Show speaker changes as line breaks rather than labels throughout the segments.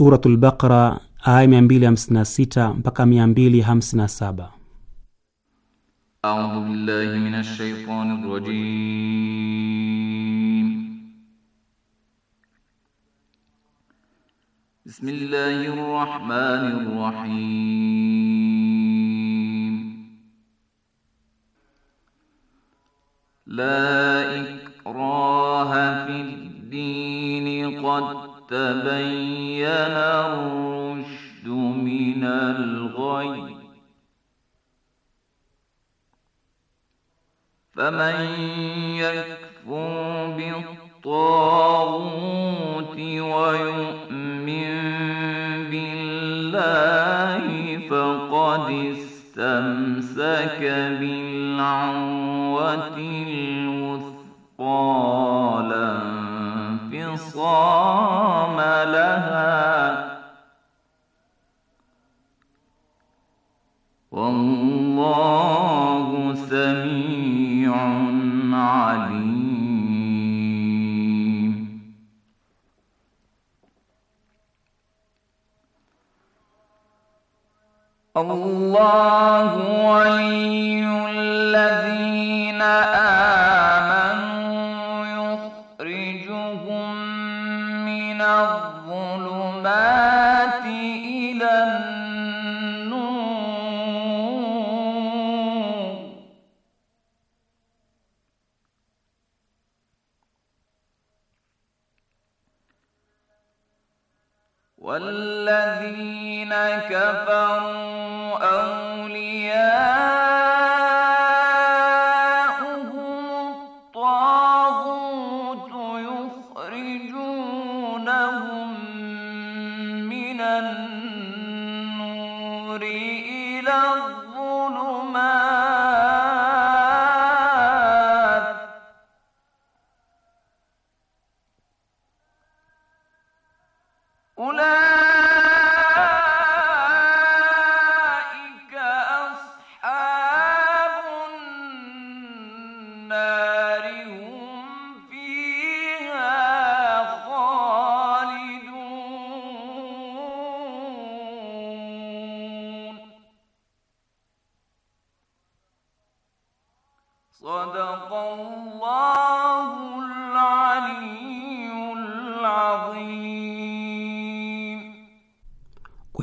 Suratul Baqara aya mia mbili hamsini na sita mpaka 257.
A'udhu billahi minash shaitani rajim فمن يكفر بالطاغوت ويؤمن بالله فقد استمسك بالعروة الوثقى لا انفصام لها والله سميع عليم الله ولي الذين آمنوا الذين كفروا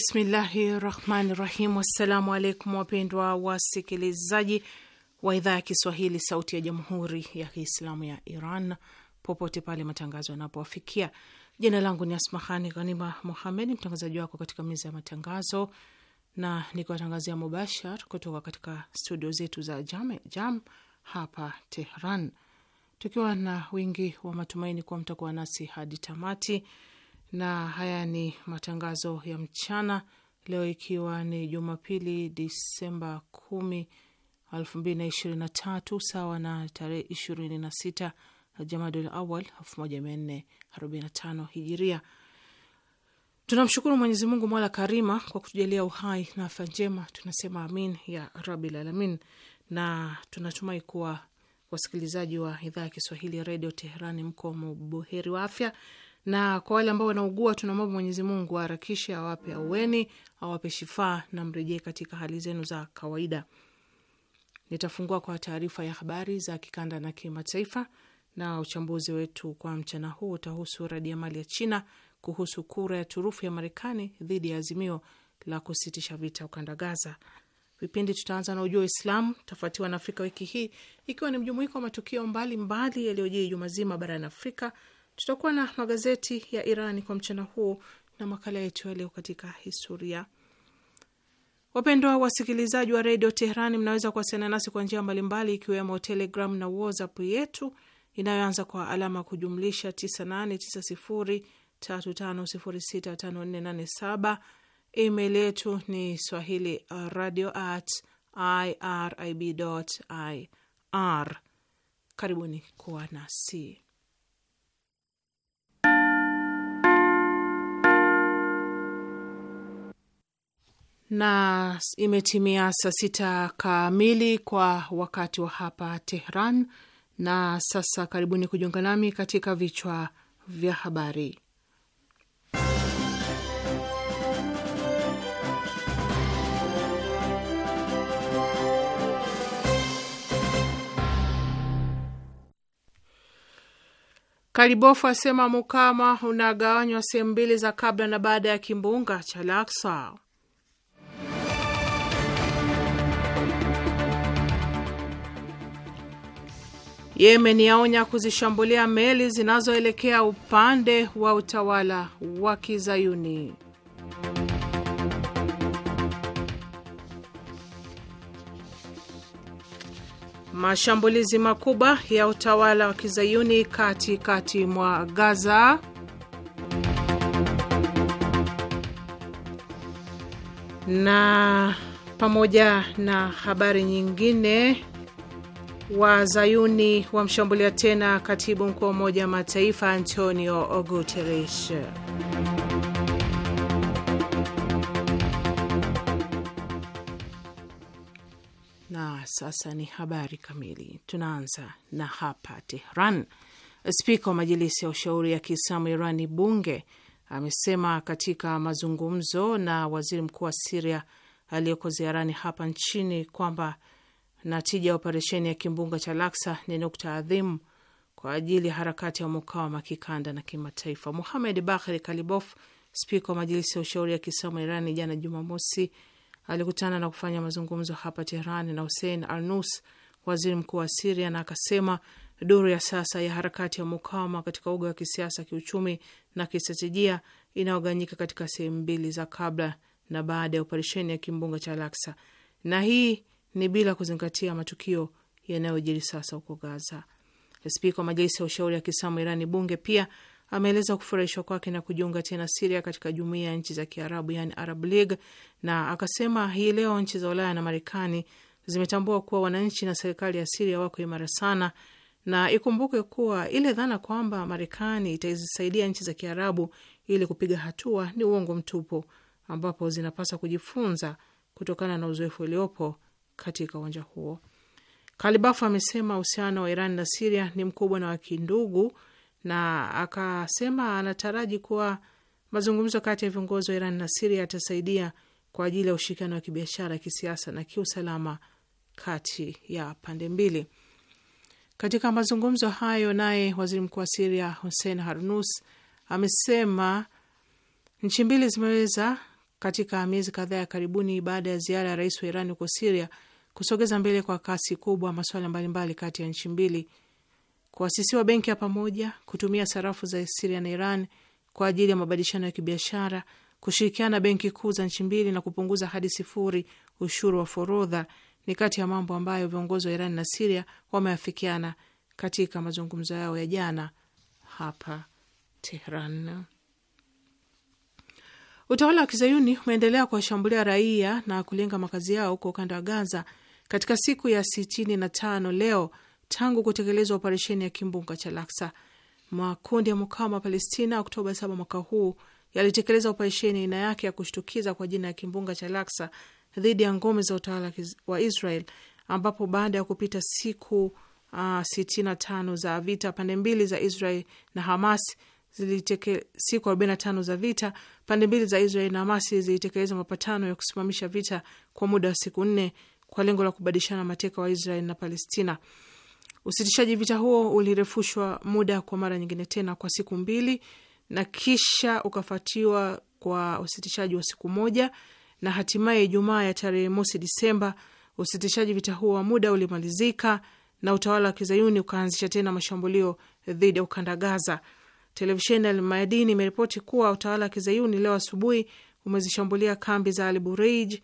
Bismillahi rahmani rahim. Assalamu alaikum wapendwa wasikilizaji wa idhaa ya Kiswahili sauti ya jamhuri ya Kiislamu ya Iran popote pale matangazo yanapowafikia. Jina langu ni Asmahani Ghanima Muhamedi, mtangazaji wako katika meza ya matangazo, na nikiwatangazia mubashar kutoka katika studio zetu za Jam Jam hapa Tehran, tukiwa na wingi wa matumaini kuwa mtakuwa nasi hadi tamati na haya ni matangazo ya mchana leo, ikiwa ni Jumapili Disemba kumi elfu mbili na ishirini na tatu sawa na tarehe ishirini na sita Jamadul Awal elfu moja mia nne arobaini na tano hijiria. Tunamshukuru Mwenyezi Mungu karima kwa kutujalia uhai na afya njema, tunasema amin ya rabil alamin, na tunatumai kuwa wasikilizaji wa idhaa ya Kiswahili ya redio Teherani mko mbuheri wa afya na kwa wale ambao wanaugua tunamwomba Mwenyezi Mungu aharakishe, awape aueni, awape shifaa na mrejee katika hali zenu za kawaida. Nitafungua kwa taarifa ya habari za kikanda na kimataifa, na uchambuzi wetu kwa mchana huu utahusu radi ya mali ya China kuhusu kura ya turufu ya Marekani dhidi ya azimio la kusitisha vita ukanda Gaza. Vipindi tutaanza na ujua Uislamu, tafuatiwa na Afrika wiki hii, ikiwa ni mjumuiko wa matukio mbalimbali yaliyojiri juma zima barani Afrika Tutakuwa na magazeti ya Irani kwa mchana huo na makala yetu ya leo katika historia. Wapendwa wasikilizaji wa redio Teherani, mnaweza kuwasiliana nasi kwa njia mbalimbali, ikiwemo Telegram na WhatsApp yetu inayoanza kwa alama kujumlisha 989035065487. Email yetu ni swahili uh, radio at irib ir. Karibuni kuwa nasi. na imetimia saa sita kamili kwa wakati wa hapa Tehran. Na sasa karibuni kujiunga nami katika vichwa vya habari. Karibofu asema mukama unagawanywa sehemu mbili za kabla na baada ya kimbunga cha Laksa. Yemen yaonya kuzishambulia meli zinazoelekea upande wa utawala wa Kizayuni. Mashambulizi makubwa ya utawala wa Kizayuni katikati kati mwa Gaza. Na pamoja na habari nyingine Wazayuni wamshambulia tena katibu mkuu wa Umoja wa Mataifa Antonio Guterres. Na sasa ni habari kamili. Tunaanza na hapa Tehran. Spika wa Majilisi ya Ushauri ya Kiislamu Irani, bunge, amesema katika mazungumzo na waziri mkuu wa Siria aliyoko ziarani hapa nchini kwamba na tija ya operesheni ya kimbunga cha Laksa ni nukta adhimu kwa ajili ya harakati ya mukawama kikanda na kimataifa. Muhamed Bakhri Kalibof, spika wa majilisi ya ushauri ya kisomo Irani, jana Jumamosi alikutana na kufanya mazungumzo hapa Tehran na Hussein Arnus, waziri mkuu wa Siria, na akasema duru ya sasa ya harakati ya mukawama katika uga wa kisiasa, kiuchumi na kistratejia inayoganyika katika sehemu mbili za kabla na baada ya operesheni ya kimbunga cha Laksa, na hii ni bila kuzingatia matukio yanayojiri sasa huko Gaza. Spika wa Majlisi ya Ushauri ya Kiislamu Irani bunge pia ameeleza kufurahishwa kwake na kujiunga tena Siria katika jumuia ya nchi za Kiarabu, yani Arab League, na akasema hii leo nchi za Ulaya na Marekani zimetambua kuwa wananchi na serikali ya Siria wako imara sana, na ikumbuke kuwa ile dhana kwamba Marekani itazisaidia nchi za Kiarabu ili kupiga hatua ni uongo mtupu, ambapo zinapaswa kujifunza kutokana na uzoefu uliopo katika uwanja huo. Kalibafu amesema uhusiano wa Iran na Siria ni mkubwa na wa kindugu, na akasema anataraji kuwa mazungumzo kati ya viongozi wa Iran na Siria yatasaidia kwa ajili ya ushirikiano wa kibiashara, kisiasa na kiusalama kati ya pande mbili. Katika mazungumzo hayo, naye waziri mkuu wa Siria Hussein Harnus amesema nchi mbili zimeweza katika miezi kadhaa ya karibuni, baada ya ziara ya rais wa Iran huko Siria, kusogeza mbele kwa kasi kubwa masuala mbalimbali kati ya nchi mbili, kuasisiwa benki ya pamoja, kutumia sarafu za Siria na Iran kwa ajili ya mabadilishano ya kibiashara, kushirikiana benki kuu za nchi mbili na kupunguza hadi sifuri ushuru wa forodha ni kati ya mambo ambayo viongozi wa Iran na Siria wameafikiana katika mazungumzo yao ya jana hapa Tehran. Utawala wa kizayuni umeendelea kuwashambulia raia na kulenga makazi yao huko ukanda wa Gaza katika siku ya sitini na tano leo tangu kutekelezwa operesheni ya kimbunga cha Laksa. Makundi ya mukawama wa Palestina Oktoba saba mwaka huu yalitekeleza operesheni aina yake ya kushtukiza kwa jina ya kimbunga cha Laksa dhidi ya ngome za utawala wa Israel, ambapo baada ya kupita siku uh, tano za vita, pande mbili za Israel na Hamas ziliteke, siku 45 za vita, pande mbili za Israel na Hamas zilitekeleza mapatano ya kusimamisha vita kwa muda wa siku nne kwa lengo la kubadilishana mateka wa Israel na Palestina. Usitishaji vita huo ulirefushwa muda kwa mara nyingine tena kwa siku mbili na kisha ukafuatiwa kwa usitishaji wa siku moja na hatimaye Ijumaa ya tarehe mosi Disemba usitishaji vita huo wa muda ulimalizika na utawala wa kizayuni ukaanzisha tena mashambulio dhidi ya ukanda Gaza. Televisheni ya Mayadin imeripoti kuwa utawala wa kizayuni leo asubuhi umezishambulia kambi za Al Bureij,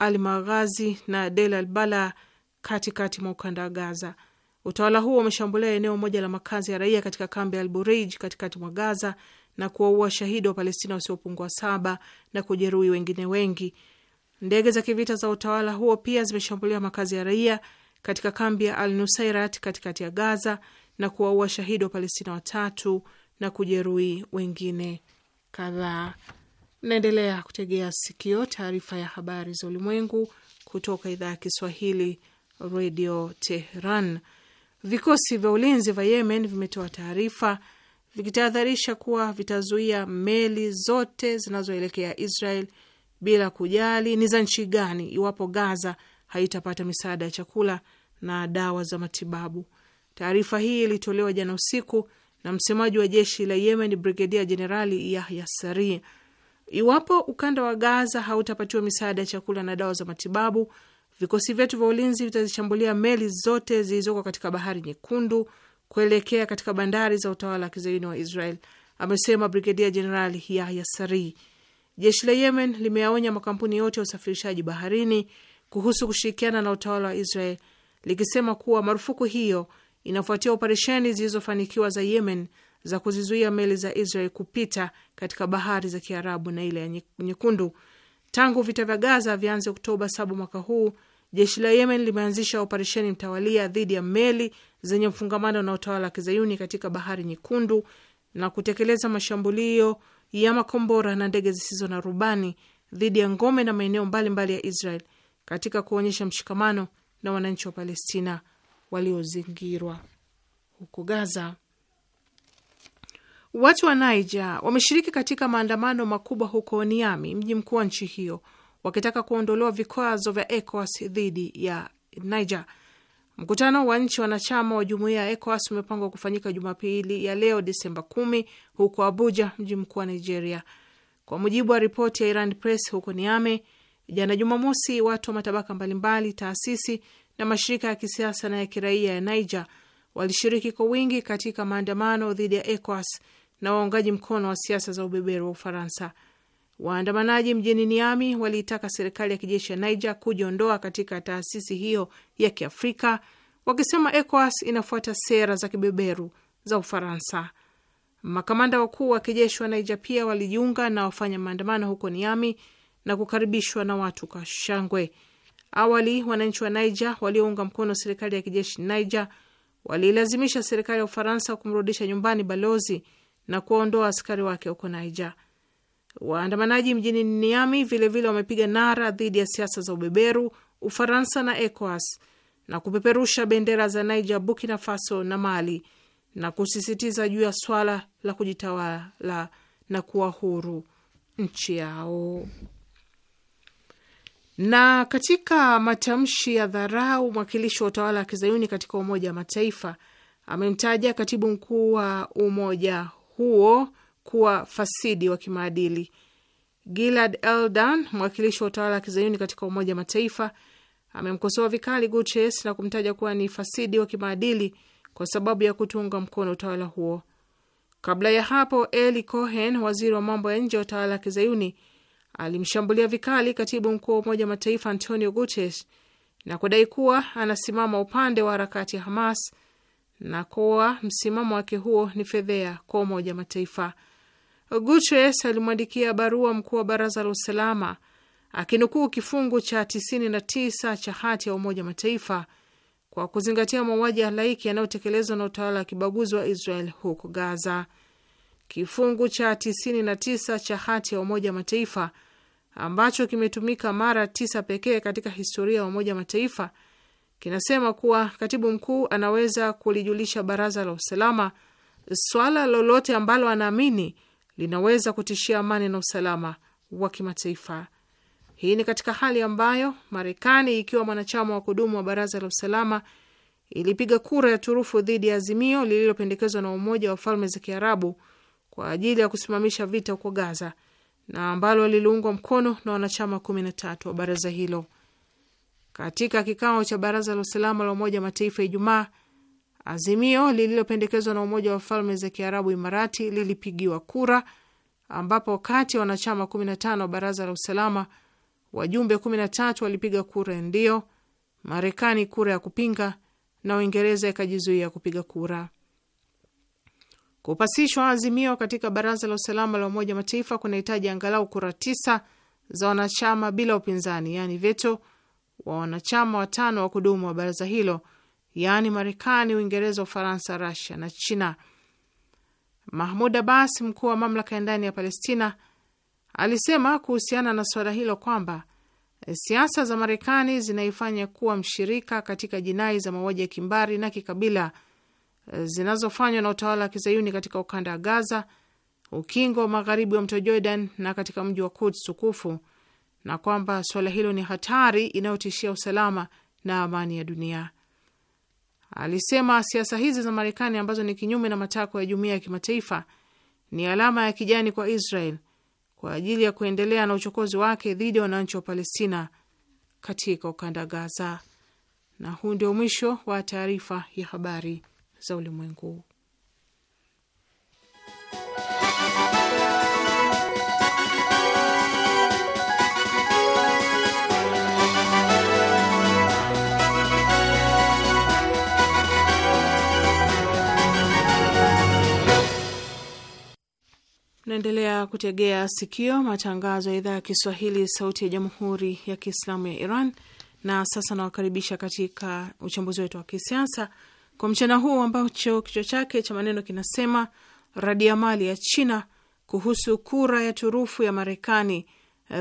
Al Maghazi na Del Al Bala katikati mwa ukanda wa Gaza. Utawala huo umeshambulia eneo moja la makazi ya raia katika kambi ya Al katikati mwa Gaza na kuwaua shahidi wa Palestina wasiopungua saba na kujeruhi wengine wengi. Ndege za kivita za utawala huo pia zimeshambulia makazi ya raia katika kambi ya Al Nusairat katikati ya Gaza na kuwaua shahidi wa Palestina watatu na kujeruhi wengine kadhaa. Naendelea kutegea sikio taarifa ya habari za ulimwengu kutoka idhaa ya Kiswahili Radio Tehran. Vikosi vya ulinzi vya Yemen vimetoa taarifa vikitahadharisha kuwa vitazuia meli zote zinazoelekea Israel bila kujali ni za nchi gani, iwapo Gaza haitapata misaada ya chakula na dawa za matibabu. Taarifa hii ilitolewa jana usiku na msemaji wa jeshi la Yemen, Brigedia Jenerali Yahya Sari Iwapo ukanda wa Gaza hautapatiwa misaada ya chakula na dawa za matibabu, vikosi vyetu vya ulinzi vitazishambulia meli zote zilizoko katika bahari Nyekundu kuelekea katika bandari za utawala wa kizaini wa Israel, amesema Brigedia Jenerali Yahya Sari. Jeshi la Yemen limeyaonya makampuni yote ya usafirishaji baharini kuhusu kushirikiana na utawala wa Israel, likisema kuwa marufuku hiyo inafuatia operesheni zilizofanikiwa za Yemen za kuzizuia meli za Israel kupita katika bahari za Kiarabu na ile ya Nyekundu. Tangu vita vya Gaza vianze Oktoba 7 mwaka huu, jeshi la Yemen limeanzisha operesheni mtawalia dhidi ya meli zenye mfungamano na utawala wa kizayuni katika bahari Nyekundu na kutekeleza mashambulio ya makombora na ndege zisizo na rubani dhidi ya ngome na maeneo mbalimbali ya Israel katika kuonyesha mshikamano na wananchi wa Palestina waliozingirwa huko Gaza. Watu wa Niger wameshiriki katika maandamano makubwa huko Niami, mji mkuu wa nchi hiyo, wakitaka kuondolewa vikwazo vya ECOWAS dhidi ya Niger. Mkutano wa nchi wanachama wa jumuiya ya ECOWAS umepangwa kufanyika Jumapili ya leo Disemba 10 huko Abuja, mji mkuu wa Nigeria. Kwa mujibu wa ripoti ya Iran Press huko Niame jana Jumamosi, watu wa matabaka mbalimbali, taasisi na mashirika ya kisiasa na ya kiraia ya Niger walishiriki kwa wingi katika maandamano dhidi ya ECOWAS na waungaji mkono wa siasa za ubeberu wa Ufaransa. Waandamanaji mjini Niami waliitaka serikali ya kijeshi ya Niger kujiondoa katika taasisi hiyo ya Kiafrika, wakisema ECOWAS inafuata sera za kibeberu za Ufaransa. Makamanda wakuu wa kijeshi wa Niger pia walijiunga na wafanya maandamano huko Niami na kukaribishwa na watu kwa shangwe. Awali wananchi wa Niger waliounga mkono serikali ya kijeshi Niger waliilazimisha serikali ya Ufaransa kumrudisha nyumbani balozi na kuwaondoa askari wake huko Niger. Waandamanaji mjini Niami vilevile wamepiga nara dhidi ya siasa za ubeberu, Ufaransa na ECOWAS na kupeperusha bendera za Niger, Burkina Faso na Mali na kusisitiza juu ya swala la kujitawala na kuwa huru nchi yao. Na katika matamshi ya dharau, mwakilishi wa utawala wa kizayuni katika Umoja wa Mataifa amemtaja katibu mkuu wa Umoja huo kuwa fasidi wa kimaadili. Gilad Eldan, mwakilishi wa utawala wa kizayuni katika Umoja wa Mataifa, amemkosoa vikali Guches na kumtaja kuwa ni fasidi wa kimaadili kwa sababu ya kutunga mkono utawala huo. Kabla ya hapo, Eli Cohen, waziri wa mambo ya nje wa utawala wa kizayuni, alimshambulia vikali katibu mkuu wa Umoja wa Mataifa Antonio Guches na kudai kuwa anasimama upande wa harakati ya Hamas na kuwa msimamo wake huo ni fedhea kwa Umoja Mataifa. Guterres alimwandikia barua mkuu wa Baraza la Usalama akinukuu kifungu cha 99 cha hati ya Umoja Mataifa kwa kuzingatia mauaji ya halaiki yanayotekelezwa na utawala wa kibaguzi wa Israel huko Gaza. Kifungu cha 99 cha hati ya Umoja Mataifa ambacho kimetumika mara tisa pekee katika historia ya Umoja Mataifa kinasema kuwa katibu mkuu anaweza kulijulisha baraza la usalama swala lolote ambalo anaamini linaweza kutishia amani na usalama wa kimataifa. Hii ni katika hali ambayo Marekani ikiwa mwanachama wa kudumu wa baraza la usalama ilipiga kura ya turufu dhidi ya azimio lililopendekezwa na Umoja wa Falme za Kiarabu kwa ajili ya kusimamisha vita huko Gaza na ambalo liliungwa mkono na wanachama 13 wa baraza hilo. Katika kikao cha baraza la usalama la Umoja Mataifa Ijumaa, azimio lililopendekezwa na Umoja wa Falme za Kiarabu Imarati lilipigiwa kura, ambapo kati ya wanachama 15 wa baraza la usalama wajumbe 13 walipiga kura ndio, Marekani kura ya kupinga na Uingereza ikajizuia kupiga kura. Kupasishwa azimio katika baraza la usalama la Umoja Mataifa kunahitaji angalau kura tisa za wanachama bila upinzani, yani veto wa wanachama watano wa kudumu wa baraza hilo, yaani Marekani, Uingereza, Ufaransa, Rasia na China. Mahmud Abbas, mkuu wa mamlaka ya ndani ya Palestina, alisema kuhusiana na suala hilo kwamba siasa za Marekani zinaifanya kuwa mshirika katika jinai za mauaji ya kimbari na kikabila zinazofanywa na utawala wa kizayuni katika ukanda wa Gaza, ukingo wa magharibi wa mto Jordan na katika mji wa Kuds tukufu na kwamba suala hilo ni hatari inayotishia usalama na amani ya dunia. Alisema siasa hizi za Marekani ambazo ni kinyume na matakwa ya jumuiya ya kimataifa ni alama ya kijani kwa Israel kwa ajili ya kuendelea na uchokozi wake dhidi ya wananchi wa Palestina katika ukanda Gaza. Na huu ndio mwisho wa taarifa ya habari za ulimwengu. Naendelea kutegea sikio matangazo ya idhaa ya Kiswahili, sauti ya jamhuri ya kiislamu ya Iran. Na sasa nawakaribisha katika uchambuzi wetu wa kisiasa kwa mchana huu, ambacho kichwa chake cha maneno kinasema radiamali ya China kuhusu kura ya turufu ya Marekani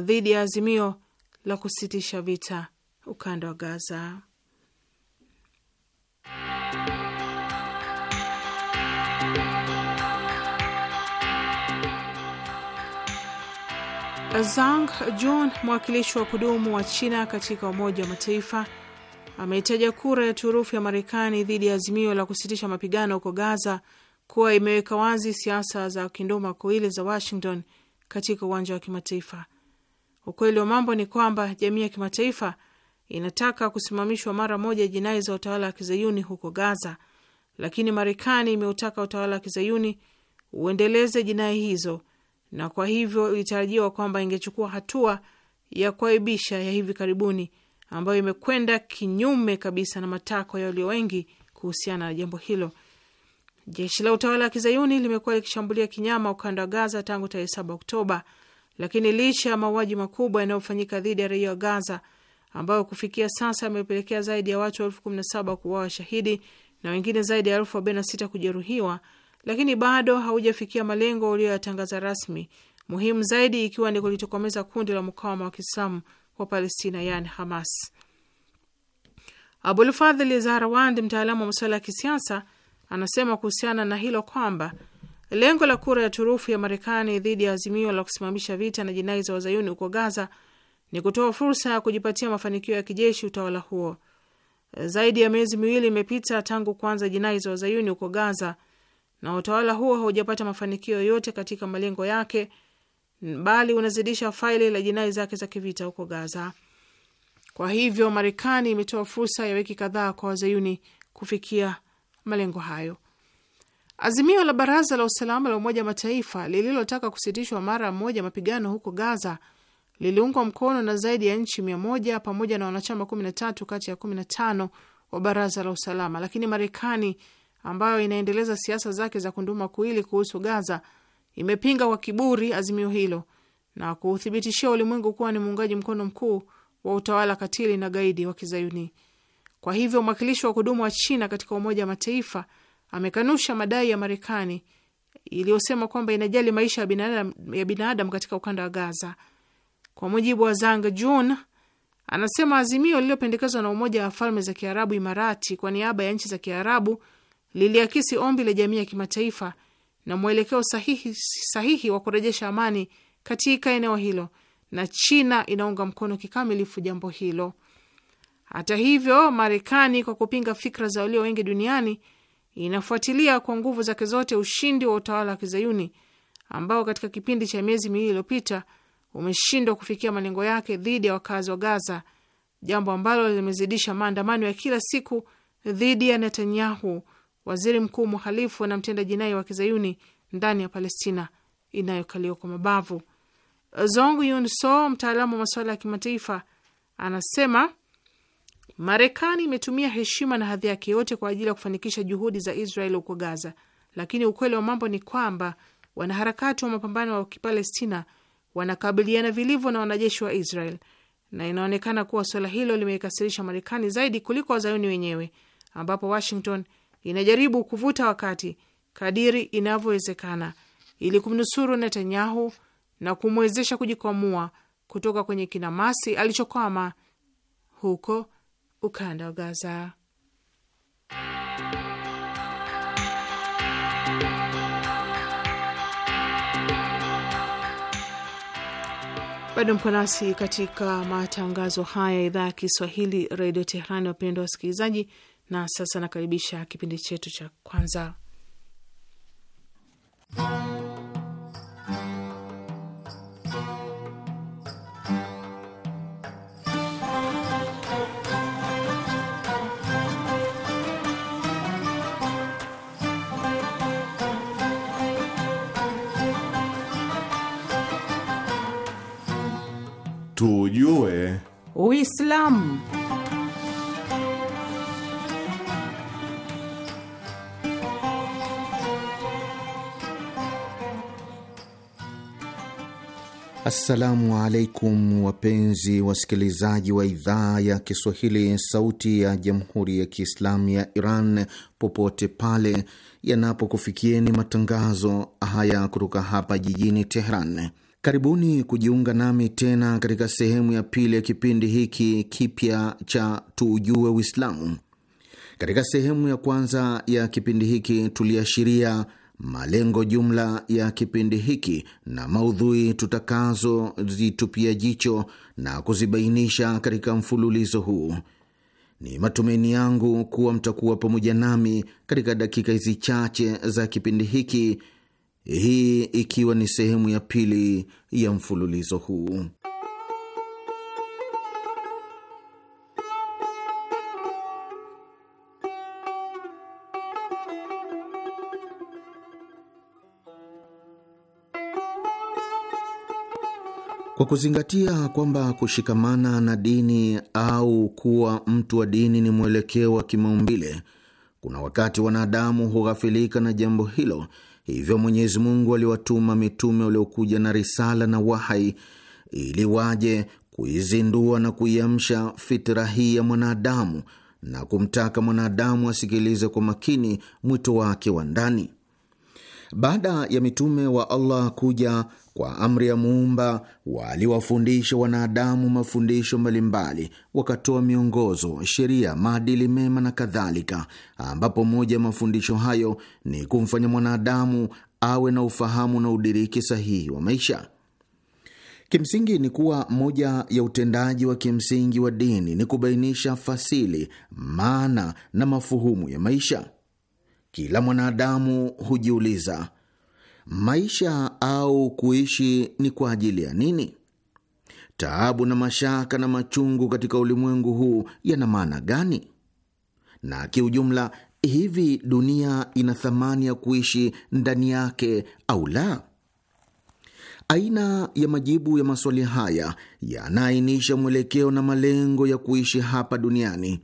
dhidi ya azimio la kusitisha vita ukanda wa Gaza. Zhang Jun, mwakilishi wa kudumu wa China katika Umoja wa Mataifa, ameitaja kura ya turufu ya Marekani dhidi ya azimio la kusitisha mapigano huko Gaza kuwa imeweka wazi siasa za kinduma kuili za Washington katika uwanja wa kimataifa. Ukweli wa mambo ni kwamba jamii ya kimataifa inataka kusimamishwa mara moja jinai za utawala wa kizayuni huko Gaza, lakini Marekani imeutaka utawala wa kizayuni uendeleze jinai hizo na kwa hivyo ilitarajiwa kwamba ingechukua hatua ya kuaibisha ya hivi karibuni ambayo imekwenda kinyume kabisa na matakwa ya walio wengi kuhusiana na jambo hilo. Jeshi la utawala wa kizayuni limekuwa likishambulia kinyama ukanda wa Gaza tangu tarehe 7 Oktoba, lakini licha ya mauaji makubwa yanayofanyika dhidi ya raia wa Gaza ambayo kufikia sasa yamepelekea zaidi ya watu elfu kumi na saba kuuawa shahidi na wengine zaidi ya elfu arobaini na sita kujeruhiwa lakini bado haujafikia malengo uliyoyatangaza rasmi, muhimu zaidi ikiwa ni kulitokomeza kundi la mukawama wa Kiislamu wa Palestina, yani Hamas. Abul Fadhil Zaharawandi, mtaalamu wa masuala ya kisiasa, anasema kuhusiana na hilo kwamba lengo la kura ya turufu ya Marekani dhidi ya azimio la kusimamisha vita na jinai za wazayuni huko Gaza ni kutoa fursa ya kujipatia mafanikio ya kijeshi utawala huo. Zaidi ya miezi miwili imepita tangu kuanza jinai za wazayuni huko Gaza na utawala huo haujapata mafanikio yoyote katika malengo yake, bali unazidisha faili la jinai zake za kivita huko Gaza. Kwa hivyo, Marekani imetoa fursa ya wiki kadhaa kwa wazayuni kufikia malengo hayo. Azimio la Baraza la Usalama la Umoja wa Mataifa lililotaka kusitishwa mara moja mapigano huko Gaza liliungwa mkono na zaidi ya nchi mia moja pamoja na wanachama kumi na tatu kati ya kumi na tano wa Baraza la Usalama, lakini Marekani ambayo inaendeleza siasa zake za kunduma kuili kuhusu Gaza imepinga kwa kiburi azimio hilo na kuuthibitishia ulimwengu kuwa ni muungaji mkono mkuu wa utawala katili na gaidi wa Kizayuni. Kwa hivyo mwakilishi wa kudumu wa China katika Umoja wa Mataifa amekanusha madai ya Marekani iliyosema kwamba inajali maisha ya binadamu ya binadamu katika ukanda wa Gaza. Kwa mujibu wa Zang Jun, anasema azimio lililopendekezwa na Umoja wa Falme za Kiarabu Imarati kwa niaba ya nchi za Kiarabu liliakisi ombi la jamii ya kimataifa na mwelekeo sahihi, sahihi wa kurejesha amani katika eneo hilo na China inaunga mkono kikamilifu jambo hilo. Hata hivyo, Marekani kwa kupinga fikra za walio wengi duniani inafuatilia kwa nguvu zake zote ushindi wa utawala wa kizayuni ambao katika kipindi cha miezi miwili iliyopita umeshindwa kufikia malengo yake dhidi ya wakazi wa Gaza, jambo ambalo limezidisha maandamano ya kila siku dhidi ya Netanyahu waziri mkuu mhalifu na mtenda jinai wa kizayuni ndani ya Palestina inayokaliwa kwa mabavu. Zong Yun So, mtaalamu wa masuala ya kimataifa, anasema Marekani imetumia heshima na hadhi yake yote kwa ajili ya kufanikisha juhudi za Israel huko Gaza, lakini ukweli wa mambo ni kwamba wanaharakati wa mapambano wa kipalestina wanakabiliana vilivyo na wanajeshi wa Israel na inaonekana kuwa suala hilo limeikasirisha Marekani zaidi kuliko wazayuni wenyewe, ambapo Washington inajaribu kuvuta wakati kadiri inavyowezekana ili kumnusuru Netanyahu na kumwezesha kujikwamua kutoka kwenye kinamasi alichokwama huko ukanda wa Gaza. Bado mko nasi katika matangazo haya ya idhaa ya Kiswahili redio Tehrani. Wapendwa wasikilizaji, na sasa nakaribisha kipindi chetu cha kwanza
Tujue
Uislamu.
Assalamu alaikum wapenzi wasikilizaji wa idhaa ya Kiswahili, sauti ya jamhuri ya kiislamu ya Iran, popote pale yanapokufikieni matangazo haya kutoka hapa jijini Teheran. Karibuni kujiunga nami tena katika sehemu ya pili ya kipindi hiki kipya cha tuujue Uislamu. Katika sehemu ya kwanza ya kipindi hiki tuliashiria malengo jumla ya kipindi hiki na maudhui tutakazozitupia jicho na kuzibainisha katika mfululizo huu. Ni matumaini yangu kuwa mtakuwa pamoja nami katika dakika hizi chache za kipindi hiki, hii ikiwa ni sehemu ya pili ya mfululizo huu. Kwa kuzingatia kwamba kushikamana na dini au kuwa mtu wa dini ni mwelekeo wa kimaumbile, kuna wakati wanadamu hughafilika na jambo hilo. Hivyo Mwenyezi Mungu aliwatuma mitume waliokuja na risala na wahai ili waje kuizindua na kuiamsha fitra hii ya mwanadamu na kumtaka mwanadamu asikilize kwa makini mwito wake wa ndani. Baada ya mitume wa Allah kuja kwa amri ya Muumba, waliwafundisha wanadamu mafundisho mbalimbali, wakatoa miongozo, sheria, maadili mema na kadhalika, ambapo moja ya mafundisho hayo ni kumfanya mwanadamu awe na ufahamu na udiriki sahihi wa maisha. Kimsingi ni kuwa moja ya utendaji wa kimsingi wa dini ni kubainisha fasili, maana na mafuhumu ya maisha kila mwanadamu hujiuliza, maisha au kuishi ni kwa ajili ya nini? Taabu na mashaka na machungu katika ulimwengu huu yana maana gani? Na kiujumla, hivi dunia ina thamani ya kuishi ndani yake au la? Aina ya majibu ya maswali haya yanaainisha mwelekeo na malengo ya kuishi hapa duniani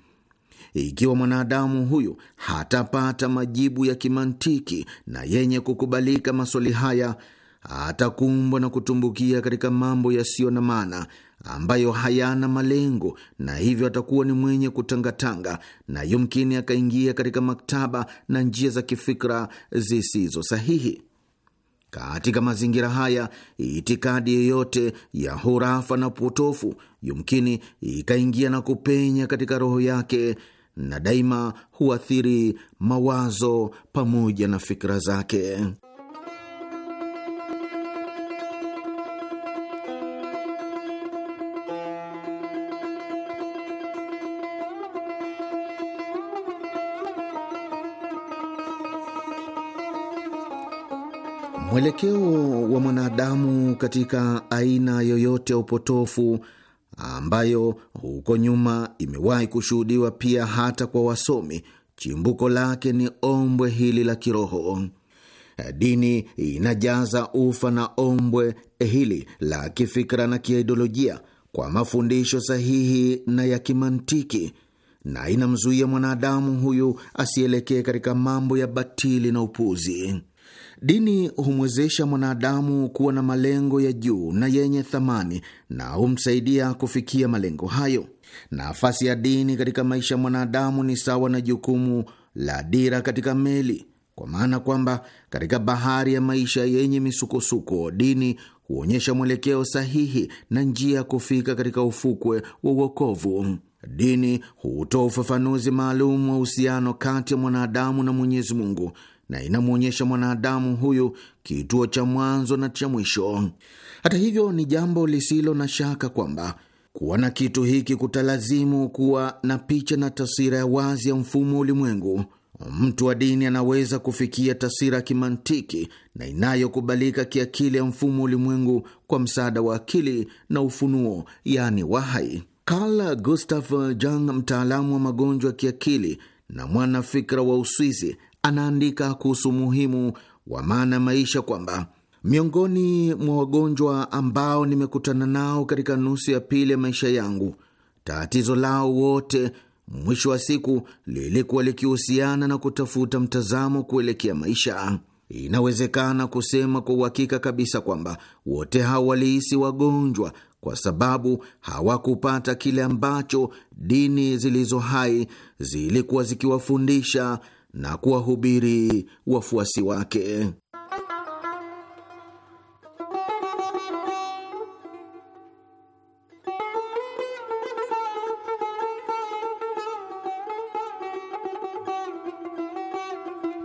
E, ikiwa mwanadamu huyu hatapata majibu ya kimantiki na yenye kukubalika maswali haya, atakumbwa na kutumbukia katika mambo yasiyo na maana ambayo hayana malengo, na hivyo atakuwa ni mwenye kutangatanga na yumkini akaingia katika maktaba na njia za kifikra zisizo sahihi. Katika mazingira haya, itikadi yeyote ya hurafa na potofu yumkini ikaingia na kupenya katika roho yake na daima huathiri mawazo pamoja na fikra zake. Mwelekeo wa mwanadamu katika aina yoyote ya upotofu ambayo huko nyuma imewahi kushuhudiwa pia hata kwa wasomi, chimbuko lake ni ombwe hili la kiroho. Dini inajaza ufa na ombwe hili la kifikra na kiaidolojia kwa mafundisho sahihi na ya kimantiki, na inamzuia mwanadamu huyu asielekee katika mambo ya batili na upuzi. Dini humwezesha mwanadamu kuwa na malengo ya juu na yenye thamani na humsaidia kufikia malengo hayo. Nafasi ya dini katika maisha ya mwanadamu ni sawa na jukumu la dira katika meli, kwa maana kwamba katika bahari ya maisha yenye misukosuko, dini huonyesha mwelekeo sahihi na njia ya kufika katika ufukwe wa uokovu. Dini hutoa ufafanuzi maalum wa uhusiano kati ya mwanadamu na Mwenyezi Mungu na inamwonyesha mwanadamu huyu kituo cha mwanzo na cha mwisho. Hata hivyo, ni jambo lisilo na shaka kwamba kuwa na kitu hiki kutalazimu kuwa na picha na taswira ya wazi ya mfumo ulimwengu. Mtu wa dini anaweza kufikia taswira ya kimantiki na inayokubalika kiakili ya mfumo ulimwengu kwa msaada wa akili na ufunuo, yaani wahai. Carl Gustav Jung, mtaalamu wa magonjwa ya kiakili na mwanafikra wa Uswizi, anaandika kuhusu umuhimu wa maana maisha kwamba miongoni mwa wagonjwa ambao nimekutana nao katika nusu ya pili ya maisha yangu, tatizo lao wote mwisho wa siku lilikuwa likihusiana na kutafuta mtazamo kuelekea maisha. Inawezekana kusema kwa uhakika kabisa kwamba wote hao walihisi wagonjwa kwa sababu hawakupata kile ambacho dini zilizo hai zilikuwa zikiwafundisha na kuwahubiri wafuasi wake.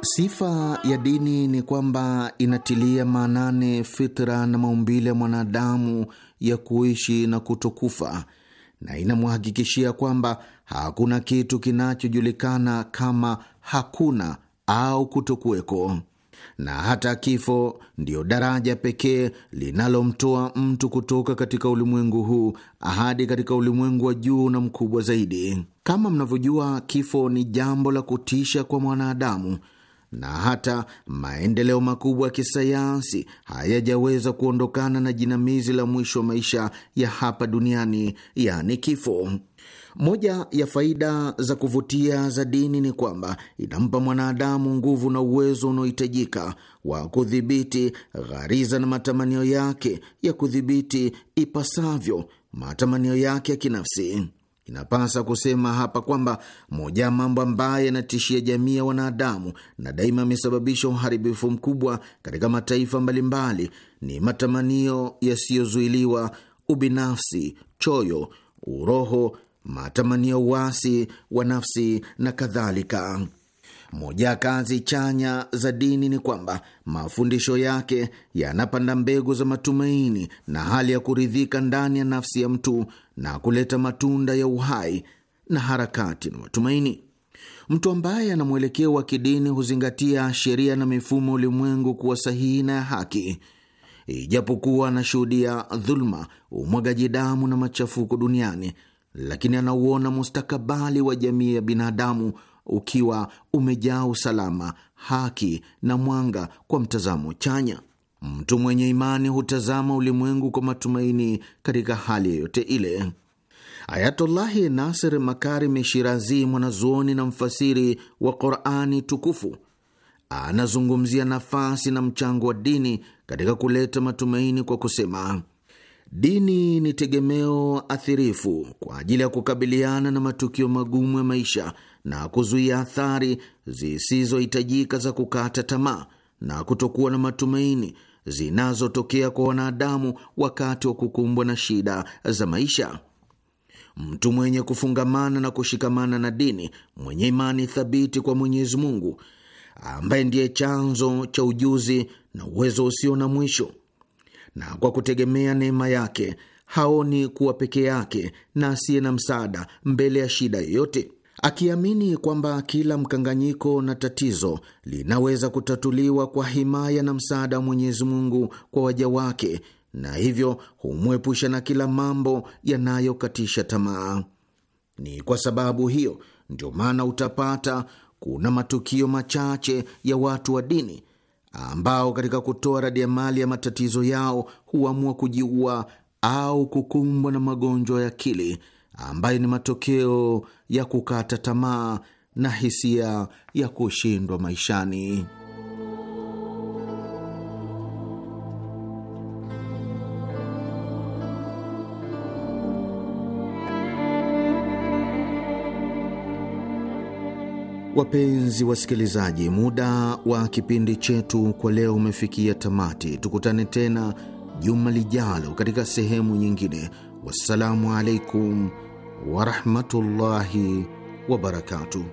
Sifa ya dini ni kwamba inatilia maanane fitra na maumbile ya mwanadamu ya kuishi na kutokufa na inamhakikishia kwamba hakuna kitu kinachojulikana kama hakuna au kutokuweko, na hata kifo ndiyo daraja pekee linalomtoa mtu kutoka katika ulimwengu huu hadi katika ulimwengu wa juu na mkubwa zaidi. Kama mnavyojua, kifo ni jambo la kutisha kwa mwanadamu na hata maendeleo makubwa ya kisayansi hayajaweza kuondokana na jinamizi la mwisho wa maisha ya hapa duniani, yaani kifo. Moja ya faida za kuvutia za dini ni kwamba inampa mwanadamu nguvu na uwezo unaohitajika wa kudhibiti ghariza na matamanio yake ya kudhibiti ipasavyo matamanio yake ya kinafsi. Inapasa kusema hapa kwamba moja ya mambo ambayo yanatishia jamii ya wanadamu na daima amesababisha uharibifu mkubwa katika mataifa mbalimbali ni matamanio yasiyozuiliwa, ubinafsi, choyo, uroho matamanio, uasi wa nafsi na kadhalika. Moja ya kazi chanya za dini ni kwamba mafundisho yake yanapanda mbegu za matumaini na hali ya kuridhika ndani ya nafsi ya mtu na kuleta matunda ya uhai na harakati na matumaini. Mtu ambaye ana mwelekeo wa kidini huzingatia sheria na mifumo ulimwengu kuwa sahihi na ya haki, ijapokuwa anashuhudia dhuluma, umwagaji damu na machafuko duniani lakini anauona mustakabali wa jamii ya binadamu ukiwa umejaa usalama, haki na mwanga kwa mtazamo chanya. Mtu mwenye imani hutazama ulimwengu kwa matumaini katika hali yoyote ile. Ayatullahi Nasir Makarimi Shirazi, mwanazuoni na mfasiri wa Qurani Tukufu, anazungumzia nafasi na mchango wa dini katika kuleta matumaini kwa kusema Dini ni tegemeo athirifu kwa ajili ya kukabiliana na matukio magumu ya maisha na kuzuia athari zisizohitajika za kukata tamaa na kutokuwa na matumaini zinazotokea kwa wanadamu wakati wa kukumbwa na shida za maisha. Mtu mwenye kufungamana na kushikamana na dini, mwenye imani thabiti kwa Mwenyezi Mungu ambaye ndiye chanzo cha ujuzi na uwezo usio na mwisho na kwa kutegemea neema yake haoni kuwa peke yake na asiye na msaada mbele ya shida yoyote, akiamini kwamba kila mkanganyiko na tatizo linaweza kutatuliwa kwa himaya na msaada wa Mwenyezi Mungu kwa waja wake, na hivyo humwepusha na kila mambo yanayokatisha tamaa. Ni kwa sababu hiyo ndio maana utapata kuna matukio machache ya watu wa dini ambao katika kutoa radi ya matatizo yao huamua kujiua au kukumbwa na magonjwa ya akili ambayo ni matokeo ya kukata tamaa na hisia ya kushindwa maishani. Wapenzi wasikilizaji, muda wa kipindi chetu kwa leo umefikia tamati. Tukutane tena juma lijalo katika sehemu nyingine. Wassalamu alaikum warahmatullahi wabarakatuh.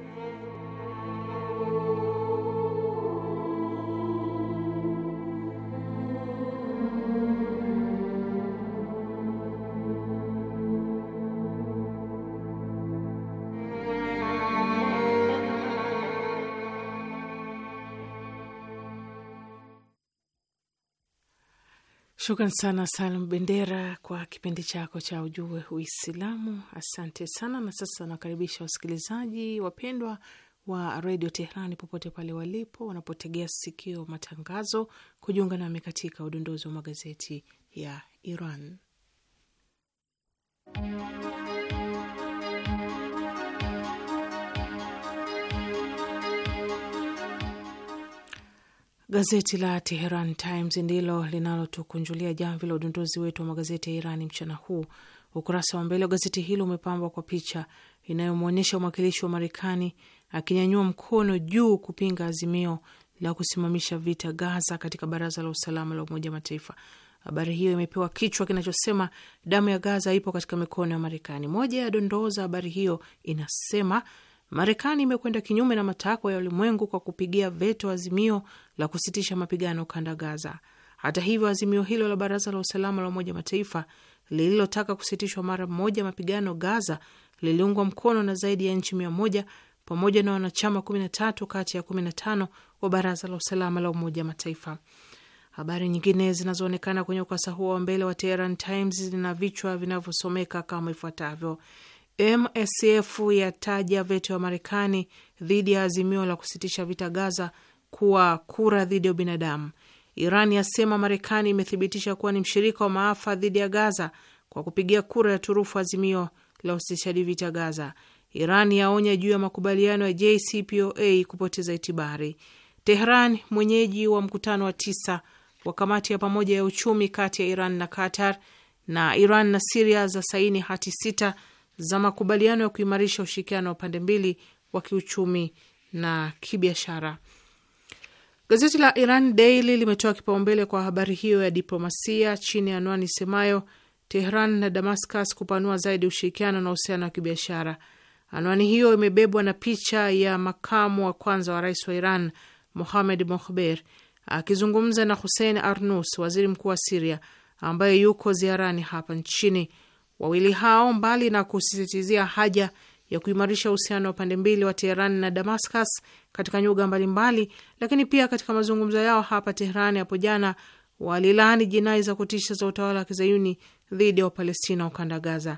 Shukran sana Salum Bendera kwa kipindi chako cha Ujue Uislamu, asante sana. Na sasa anawakaribisha wasikilizaji wapendwa wa Redio Teherani popote pale walipo wanapotegea sikio matangazo, kujiunga nami katika udondozi wa magazeti ya Iran. Gazeti la Teheran Times ndilo linalotukunjulia jamvi la udondozi wetu wa magazeti ya Irani mchana huu. Ukurasa wa mbele wa gazeti hilo umepambwa kwa picha inayomwonyesha mwakilishi wa Marekani akinyanyua mkono juu kupinga azimio la kusimamisha vita Gaza katika Baraza la Usalama la Umoja Mataifa. Habari hiyo imepewa kichwa kinachosema damu ya Gaza ipo katika mikono ya Marekani. Moja ya dondoo za habari hiyo inasema Marekani imekwenda kinyume na matakwa ya ulimwengu kwa kupigia veto azimio la kusitisha mapigano kanda Gaza. Hata hivyo, azimio hilo la Baraza la Usalama la Umoja Mataifa lililotaka kusitishwa mara moja mapigano Gaza liliungwa mkono na zaidi ya nchi mia moja pamoja na wanachama 13 kati ya 15 wa Baraza la Usalama la Umoja Mataifa. Habari nyingine zinazoonekana kwenye ukurasa huo wa mbele wa Tehran Times zina vichwa vinavyosomeka kama ifuatavyo: MSF yataja veto ya Marekani dhidi ya azimio la kusitisha vita Gaza kuwa kura dhidi ya ubinadamu. Iran yasema Marekani imethibitisha kuwa ni mshirika wa maafa dhidi ya Gaza kwa kupigia kura ya turufu azimio la usitishaji vita Gaza. Iran yaonya juu ya makubaliano ya JCPOA kupoteza itibari. Tehran, mwenyeji wa mkutano wa tisa wa kamati ya pamoja ya uchumi kati ya Iran na Qatar, na Iran na Siria za saini hati sita za makubaliano ya kuimarisha ushirikiano wa pande mbili wa kiuchumi na kibiashara. Gazeti la Iran Daily limetoa kipaumbele kwa habari hiyo ya diplomasia chini ya anwani semayo Tehran na Damascus kupanua zaidi ushirikiano na uhusiano wa kibiashara. Anwani hiyo imebebwa na picha ya makamu wa kwanza wa rais wa Iran Mohamed Mohber akizungumza na Hussein Arnus, waziri mkuu wa Siria ambaye yuko ziarani hapa nchini. Wawili hao mbali na kusisitizia haja ya kuimarisha uhusiano wa pande mbili wa Teheran na Damascus katika nyuga mbalimbali, lakini pia katika mazungumzo yao hapa Teheran hapo jana walilaani jinai za kutisha za utawala wa kizayuni dhidi ya Wapalestina ukanda Gaza.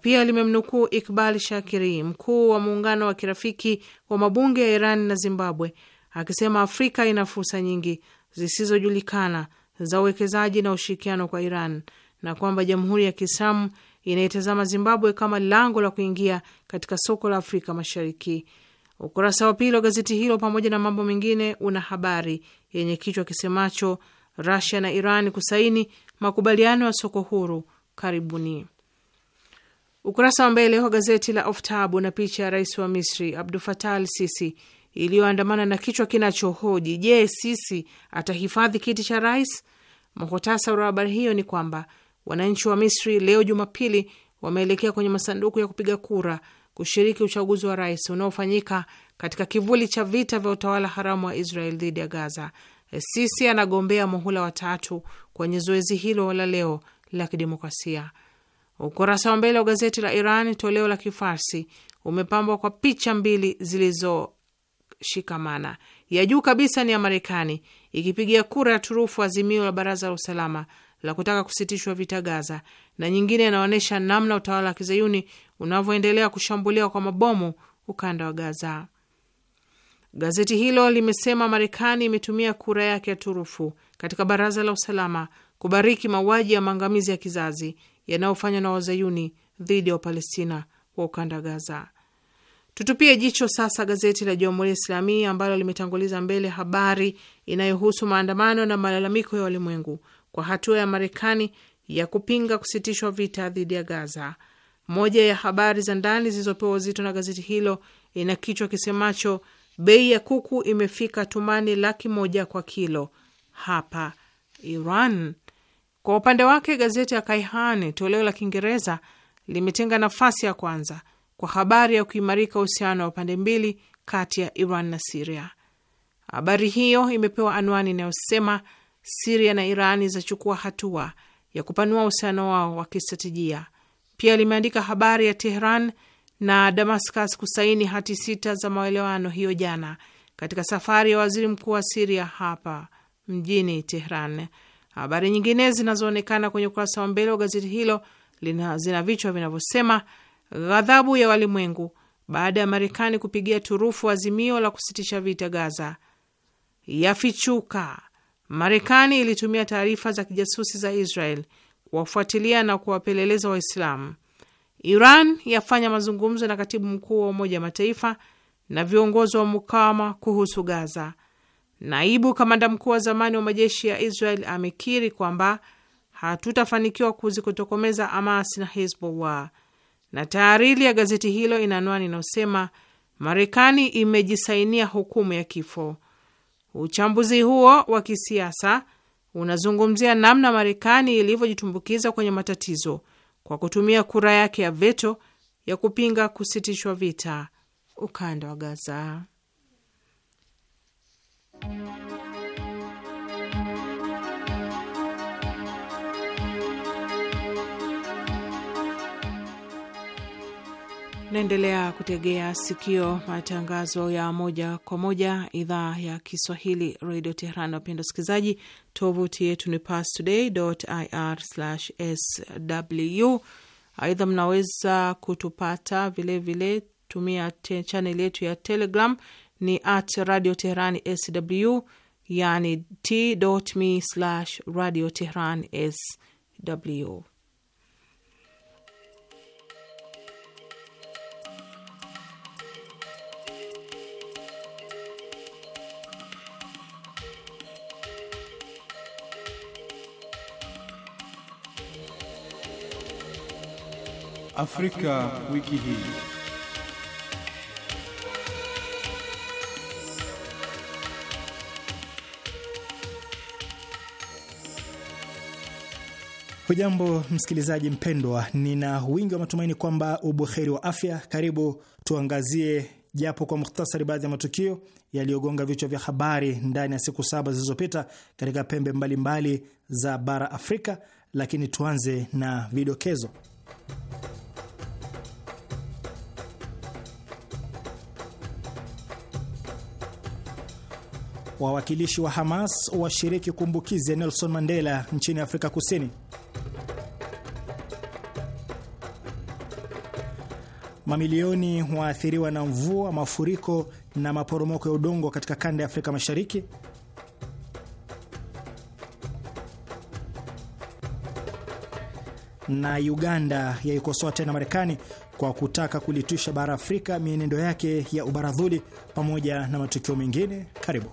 Pia limemnukuu Ikbal Shakiri, mkuu wa muungano wa kirafiki wa mabunge ya Iran na Zimbabwe, akisema Afrika ina fursa nyingi zisizojulikana za uwekezaji na ushirikiano kwa Iran na kwamba Jamhuri ya Kiislamu inaitazama Zimbabwe kama lango la kuingia katika soko la Afrika Mashariki. Ukurasa wa pili wa gazeti hilo pamoja na mambo mengine una habari yenye kichwa kisemacho rasia na Iran kusaini makubaliano ya soko huru karibuni. Ukurasa wa mbele wa gazeti la Oftab na picha ya rais wa Misri Abdul Fatah Al Sisi iliyoandamana na kichwa kinachohoji je, Sisi atahifadhi kiti cha rais? Muhtasari wa habari hiyo ni kwamba Wananchi wa Misri leo Jumapili wameelekea kwenye masanduku ya kupiga kura kushiriki uchaguzi wa rais unaofanyika katika kivuli cha vita vya utawala haramu wa Israel dhidi ya Gaza. Sisi anagombea muhula watatu kwenye zoezi hilo la leo la kidemokrasia. Ukurasa wa mbele wa gazeti la Iran toleo la Kifarsi umepambwa kwa picha mbili zilizoshikamana. Ya juu kabisa ni ya Marekani ikipigia kura ya turufu azimio la baraza la usalama la kutaka kusitishwa vita Gaza na nyingine inaonyesha namna utawala wa kizayuni unavyoendelea kushambuliwa kwa mabomu ukanda wa Gaza. Gazeti hilo limesema Marekani imetumia kura yake ya turufu katika Baraza la Usalama kubariki mauaji ya maangamizi ya kizazi yanayofanywa na wazayuni dhidi ya Wapalestina wa ukanda wa Gaza. Tutupie jicho sasa gazeti la Jamhuri ya Islamia ambalo limetanguliza mbele habari inayohusu maandamano na malalamiko ya walimwengu kwa hatua ya Marekani ya kupinga kusitishwa vita dhidi ya Gaza. Moja ya habari za ndani zilizopewa uzito na gazeti hilo ina kichwa kisemacho bei ya kuku imefika tumani laki moja kwa kilo hapa Iran. Kwa upande wake gazeti ya Kaihan toleo la Kiingereza limetenga nafasi ya kwanza kwa habari ya kuimarika uhusiano wa pande mbili kati ya Iran na Siria. Habari hiyo imepewa anwani inayosema Siria na Irani zachukua hatua ya kupanua uhusiano wao wa kistratejia. Pia limeandika habari ya Tehran na Damascus kusaini hati sita za maelewano hiyo jana katika safari ya waziri mkuu wa Siria hapa mjini Tehran. Habari nyingine zinazoonekana kwenye ukurasa wa mbele wa gazeti hilo lina, zina vichwa vinavyosema ghadhabu ya walimwengu baada ya Marekani kupigia turufu azimio la kusitisha vita Gaza, yafichuka Marekani ilitumia taarifa za kijasusi za Israel kuwafuatilia na kuwapeleleza Waislamu. Iran yafanya mazungumzo na katibu mkuu wa Umoja wa Mataifa na viongozi wa mukawama kuhusu Gaza. Naibu kamanda mkuu wa zamani wa majeshi ya Israel amekiri kwamba hatutafanikiwa kuzikotokomeza Hamas na Hezbollah. Na tahariri ya gazeti hilo ina anwani inayosema Marekani imejisainia hukumu ya kifo. Uchambuzi huo wa kisiasa unazungumzia namna Marekani ilivyojitumbukiza kwenye matatizo kwa kutumia kura yake ya veto ya kupinga kusitishwa vita ukanda wa Gaza. Naendelea kutegea sikio matangazo ya moja kwa moja idhaa ya Kiswahili redio Tehran. Wapenda wasikilizaji, tovuti yetu ni pastoday.ir/sw. Aidha, mnaweza kutupata vilevile vile, tumia chaneli yetu ya Telegram ni at radio Tehran sw, yani t.me/radio Tehran sw
Afrika wiki hii.
Hujambo msikilizaji mpendwa, nina wingi wa matumaini kwamba ubuheri wa afya. Karibu tuangazie japo kwa muhtasari baadhi ya matukio yaliyogonga vichwa vya habari ndani ya siku saba zilizopita katika pembe mbalimbali mbali za bara Afrika, lakini tuanze na vidokezo. Wawakilishi wa Hamas washiriki kumbukizi ya Nelson Mandela nchini Afrika Kusini. Mamilioni waathiriwa na mvua, mafuriko na maporomoko ya udongo katika kanda ya Afrika Mashariki. Na Uganda yaikosoa tena Marekani kwa kutaka kulitwisha bara Afrika mienendo yake ya ubaradhuli pamoja na matukio mengine. Karibu.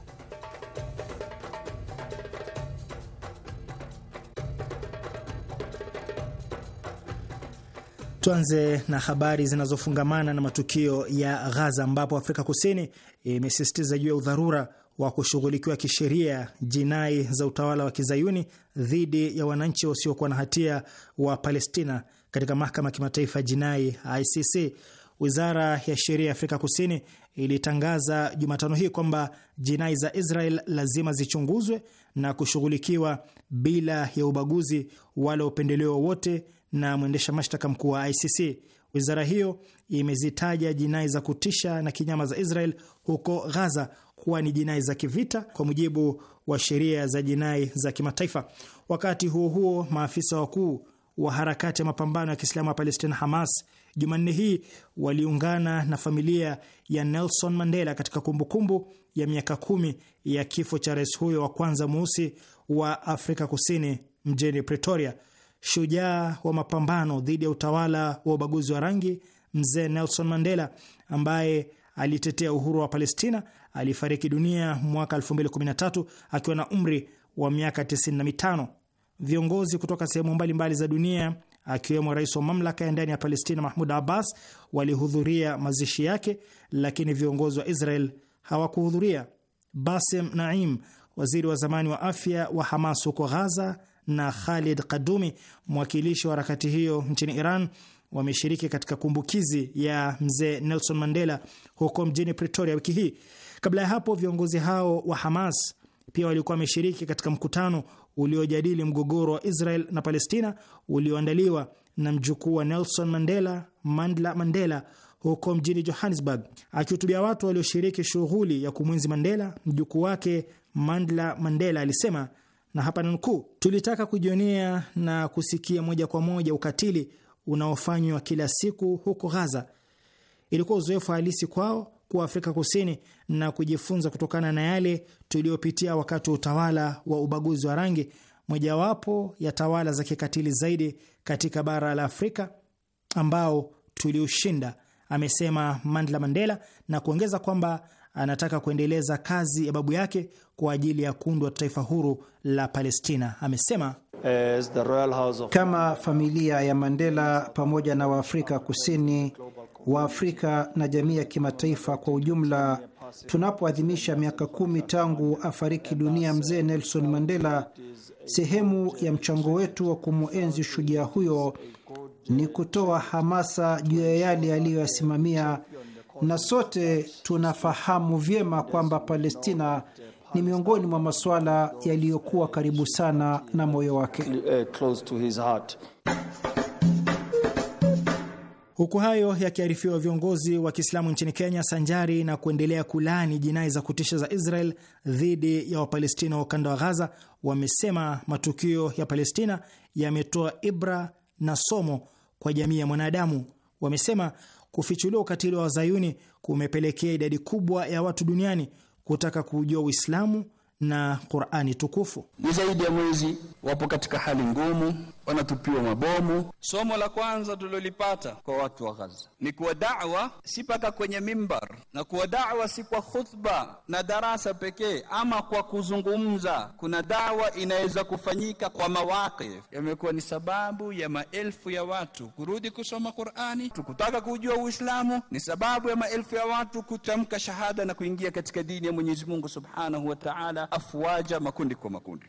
Tuanze na habari zinazofungamana na matukio ya Ghaza, ambapo Afrika Kusini imesisitiza juu ya udharura wa kushughulikiwa kisheria jinai za utawala wa kizayuni dhidi ya wananchi wasiokuwa na hatia wa Palestina katika mahakama ya kimataifa ya jinai ICC. Wizara ya sheria ya Afrika Kusini ilitangaza Jumatano hii kwamba jinai za Israel lazima zichunguzwe na kushughulikiwa bila ya ubaguzi wala upendeleo wowote na mwendesha mashtaka mkuu wa ICC. Wizara hiyo imezitaja jinai za kutisha na kinyama za Israel huko Ghaza kuwa ni jinai za kivita kwa mujibu wa sheria za jinai za kimataifa. Wakati huo huo, maafisa wakuu wa harakati ya mapambano ya Kiislamu ya Palestina, Hamas, Jumanne hii waliungana na familia ya Nelson Mandela katika kumbukumbu kumbu ya miaka kumi ya kifo cha rais huyo wa kwanza mweusi wa Afrika Kusini mjini Pretoria shujaa wa mapambano dhidi ya utawala wa ubaguzi wa rangi, mzee Nelson Mandela ambaye alitetea uhuru wa Palestina alifariki dunia mwaka 2013 akiwa na umri wa miaka 95. Viongozi kutoka sehemu mbalimbali za dunia akiwemo rais wa mamlaka ya ndani ya Palestina Mahmud Abbas walihudhuria mazishi yake, lakini viongozi wa Israel hawakuhudhuria. basem Naim, waziri wa zamani wa afya wa Hamas huko Ghaza, na Khalid Kadumi, mwakilishi wa harakati hiyo nchini Iran, wameshiriki katika kumbukizi ya mzee Nelson Mandela huko mjini Pretoria wiki hii. Kabla ya hapo, viongozi hao wa Hamas pia walikuwa wameshiriki katika mkutano uliojadili mgogoro wa Israel na Palestina ulioandaliwa na mjukuu wa Nelson Mandela, Mandla Mandela, huko mjini Johannesburg. Akihutubia watu walioshiriki shughuli ya kumwenzi Mandela, mjukuu wake Mandla Mandela alisema na hapa nukuu, tulitaka kujionea na kusikia moja kwa moja ukatili unaofanywa kila siku huko Ghaza. Ilikuwa uzoefu halisi kwao kuwa Afrika Kusini na kujifunza kutokana na yale tuliyopitia wakati wa utawala wa ubaguzi wa rangi, mojawapo ya tawala za kikatili zaidi katika bara la Afrika ambao tuliushinda, amesema Mandla Mandela na kuongeza kwamba anataka kuendeleza kazi ya babu yake kwa ajili ya kuundwa taifa huru la Palestina. Amesema
kama familia ya Mandela pamoja na Waafrika Kusini, Waafrika na jamii ya kimataifa kwa ujumla, tunapoadhimisha miaka kumi tangu afariki dunia mzee Nelson Mandela, sehemu ya mchango wetu wa kumwenzi shujaa huyo ni kutoa hamasa juu ya yale aliyoyasimamia na sote tunafahamu vyema kwamba Palestina ni miongoni mwa masuala yaliyokuwa karibu sana na moyo wake.
Huku hayo yakiarifiwa, viongozi wa Kiislamu nchini Kenya, sanjari na kuendelea kulaani jinai za kutisha za Israel dhidi ya Wapalestina wa ukanda wa Ghaza, wamesema matukio ya Palestina yametoa ibra na somo kwa jamii ya mwanadamu. Wamesema kufichuliwa ukatili wa wazayuni kumepelekea idadi kubwa ya watu duniani kutaka kuujua Uislamu na Qur'ani tukufu. Ni zaidi ya mwezi wapo katika hali ngumu
wanatupiwa mabomu. Somo la kwanza tulilolipata kwa watu wa Gaza ni kuwa da'wa si paka kwenye mimbar, na kuwa da'wa si kwa khutba na darasa pekee ama kwa kuzungumza. Kuna da'wa inaweza kufanyika kwa mawakif Yamekuwa ni sababu ya maelfu ya watu kurudi kusoma Qur'ani, tukutaka kujua Uislamu, ni sababu ya maelfu ya watu kutamka shahada na kuingia katika dini ya Mwenyezi Mungu Subhanahu wa Ta'ala, makundi kwa makundi.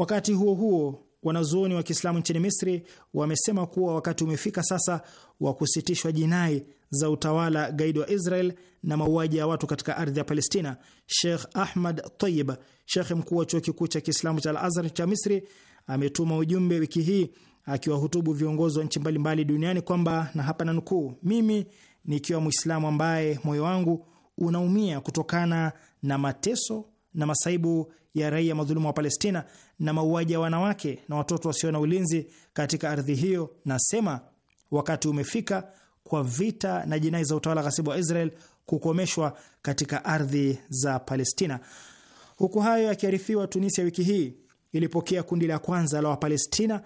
Wakati huo huo, wanazuoni wa Kiislamu nchini Misri wamesema kuwa wakati umefika sasa wa kusitishwa jinai za utawala gaidi wa Israel na mauaji ya watu katika ardhi ya Palestina. Sheikh Ahmad Tayib, shekhe mkuu wa chuo kikuu cha Kiislamu cha Al-Azhar cha Misri, ametuma ujumbe wiki hii akiwahutubu viongozi wa nchi mbalimbali duniani kwamba, na hapa na nukuu, mimi nikiwa Mwislamu ambaye moyo wangu unaumia kutokana na mateso na masaibu ya raia madhuluma wa Palestina na mauaji ya wanawake na watoto wasio na ulinzi katika ardhi hiyo, nasema wakati umefika kwa vita na jinai za utawala ghasibu wa Israel kukomeshwa katika ardhi za Palestina. Huku hayo yakiarifiwa, Tunisia wiki hii ilipokea kundi la kwanza la Wapalestina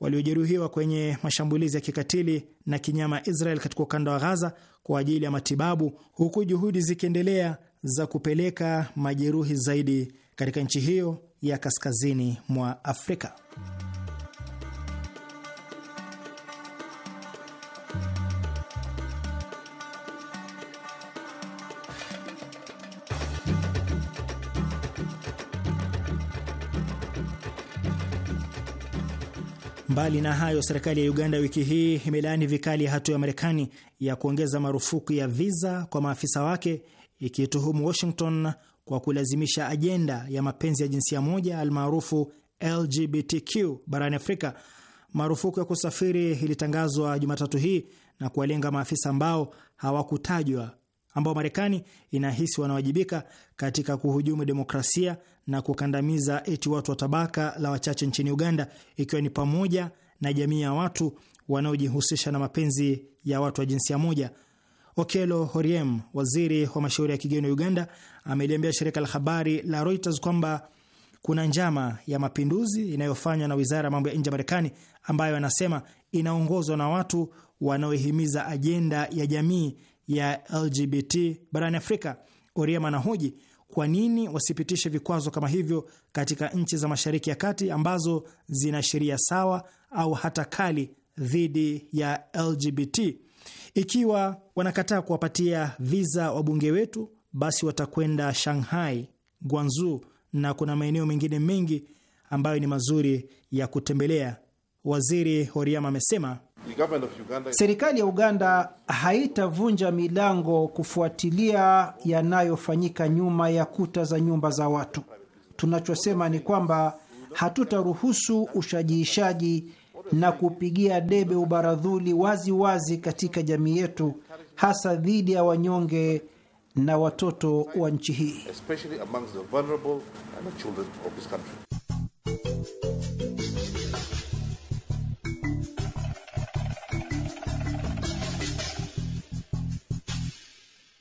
waliojeruhiwa kwenye mashambulizi ya kikatili na kinyama ya Israel katika ukanda wa Ghaza kwa ajili ya matibabu, huku juhudi zikiendelea za kupeleka majeruhi zaidi katika nchi hiyo ya kaskazini mwa Afrika. Mbali na hayo, serikali ya Uganda wiki hii imelaani vikali hatua ya Marekani ya kuongeza marufuku ya viza kwa maafisa wake, ikiituhumu Washington kwa kulazimisha ajenda ya mapenzi ya jinsia moja almaarufu LGBTQ barani Afrika. Marufuku ya kusafiri ilitangazwa Jumatatu hii na kuwalenga maafisa ambao hawakutajwa ambao Marekani inahisi wanawajibika katika kuhujumu demokrasia na kukandamiza eti watu wa tabaka la wachache nchini Uganda, ikiwa ni pamoja na jamii ya watu wanaojihusisha na mapenzi ya watu wa jinsia moja. Okello Horiem, waziri wa mashauri ya kigeni wa Uganda, ameliambia shirika la habari la Reuters kwamba kuna njama ya mapinduzi inayofanywa na wizara ya mambo ya nje ya Marekani ambayo anasema inaongozwa na watu wanaohimiza ajenda ya jamii ya LGBT barani Afrika. Oriema anahoji kwa nini wasipitishe vikwazo kama hivyo katika nchi za Mashariki ya Kati ambazo zina sheria sawa au hata kali dhidi ya LGBT. Ikiwa wanakataa kuwapatia viza wabunge wetu basi watakwenda Shanghai, Guangzhou na kuna maeneo mengine mengi ambayo ni mazuri ya kutembelea. Waziri Horiama amesema serikali ya Uganda
haitavunja milango kufuatilia yanayofanyika nyuma ya kuta za nyumba za watu. Tunachosema ni kwamba hatutaruhusu ushajiishaji na kupigia debe ubaradhuli wazi wazi katika jamii yetu, hasa dhidi ya wanyonge na watoto wa nchi hii.